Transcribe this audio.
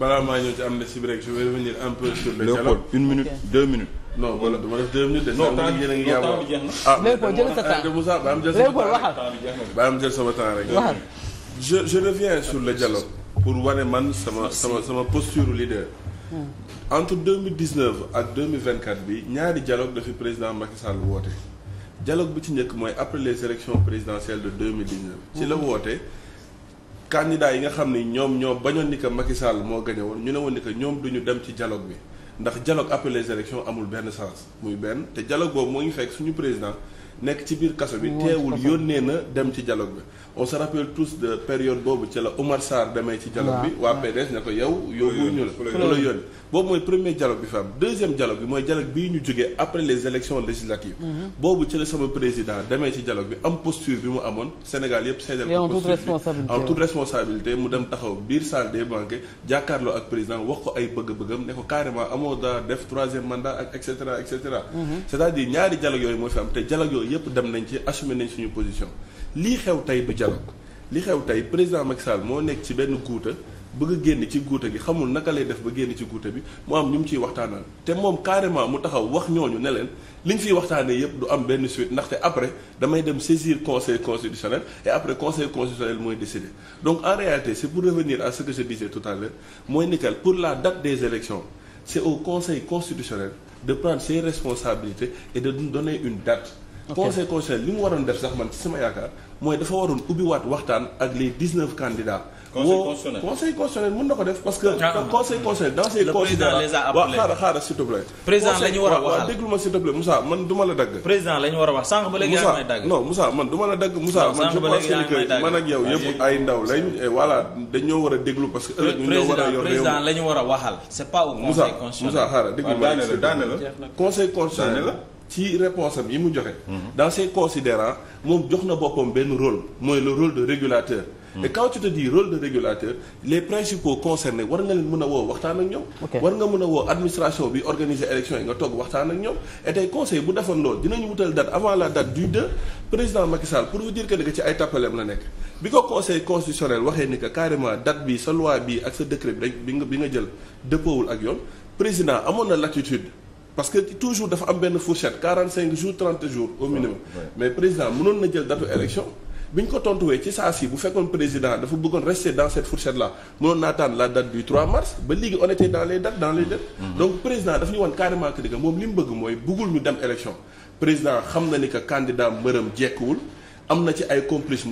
balaa maa ñëw ci amnistie bi rek je vais revenir un peu sur les dialogues une minute deux minutes. non wala dama def deux minutes de. sama temps ba am jël sama temps rek. waxal je je reviens sur le dialogue pour wane man sama sama posture leader. Hmm. entre deux mille dix neuf ak deux mille vingt quat bi ñaari dialogue dafi président Macky Sall woote. dialogue bi ci njëkk mooy après les élections présidentielles de deux mille dix neuf. ci la hmm. woote. candidat yi nga xam ni ñoom ñoo bañoon ni que Macky Sall moo gagné woon ñu ne woon ni que ñoom duñu dem ci dialogue bi ndax dialogue après les élections amul benn sens muy benn te dialogue boobu moo ngi fekk suñu président nekk ci biir kaso bi teewul yónnee na dem ci dialogue bi on se rappelle tous période boobu ci la Omar demee ci dialogue bi waa PDS ko yow yóbbu ñu la la yónni mooy premier dialogue bi fa am deuxième dialogue bi mooy dialogue bii ñu jógee après les élections mhm. boobu ci la sama demee ci dialogue bi am posture bi mu amoon Sénégal yépp seedal ko mu dem taxaw biir salle des banquets jàkkaarloo ak président wax ko ay bëgg-bëggam ne ko carrément amoo amoo daa def troisième mandat ak et cetera et cetera. Mhm. c'est-à-dire ñaari dialogue yooyu moo fi am te dialogue yooyu yëpp dem nañ ci assumer nañ suñu position. lii xew tey du dialogue li xew tey président Macky Sall moo nekk ci benn guuta bëgg a génn ci guuta gi xamul naka lay def ba génn ci guuta bi mu am ñu mu ciy waxtaanal te moom carrément mu taxaw wax ñooñu ne leen li ñu fi waxtaanee yëpp du am benn suite ndaxte après damay dem saisir conseil constitutionnel et après conseil constitutionnel mooy décider donc en à ce que je disais tout à l'heure pour la date des élections c'est au Conseil constitutionnel de prendre ses responsabilités et de nous donner une date conseil constitutionnel li mu waroon def sax man ci sama yaakaar mooy dafa waroon ubbiwaat waxtaan ak les dix neuf candidats. conseil conseil constitutionnel na ko def parce que. Ah, ah. conseil constitutionnel dans ses. le président les a appelés waaw xaaral président la ñu war a waxal déglu ma s'il te plaît ma la dagg. président la ñu a wax ba léegi yaa may dagg. non Moussa man du que man ak yow yëpp ay ndaw lañ. voilà war a déglu parce que. ëllëg ñu ñoo war a yor réew président la ñu a waxal. c'est pas au conseil constitutionnel Moussa Moussa xaaral déglu ma conseil constitutionnel la ci réponse am yi mu joxe. Mhm. dans ces considérants moom jox na boppam benn rôle mooy le rôle de régulateur. Mhm. et quand tu te dis rôle de régulateur les principaux concernés war nga leen mën a woo waxtaan ak ñoom. war nga mën a woo administration bi organiser élection yi nga toog waxtaan ak ñoom. et tey conseil bu defoon loolu dinañu wutal date avant la date du 2 président Macky Sall pour vous dire que que ci ay tappaleem la nekk. bi ko conseil constitutionnel waxee ni que carrément date bi sa loi bi ak sa décret bi rek bi nga bi nga jël dëppoowul ak yoon président amoon na latitude. parce que toujours dafa am benn fourchette 45 jours 30 jours au minimum mais président mënoon na jël datu élection bi ñu ko tontuwee ci saa si bu fekkoon président dafa bëggoon rester dans cette fourchette là mënoon naa tànn la date du 3 mars ba léegi on dans les dates mm-hmm. donc président dafa ñu wan carrément que ni moom li mu bëgg mooy bëggul ñu dem élection président xam na ni que candidat mbërëm jekkuwul am na ci ay complice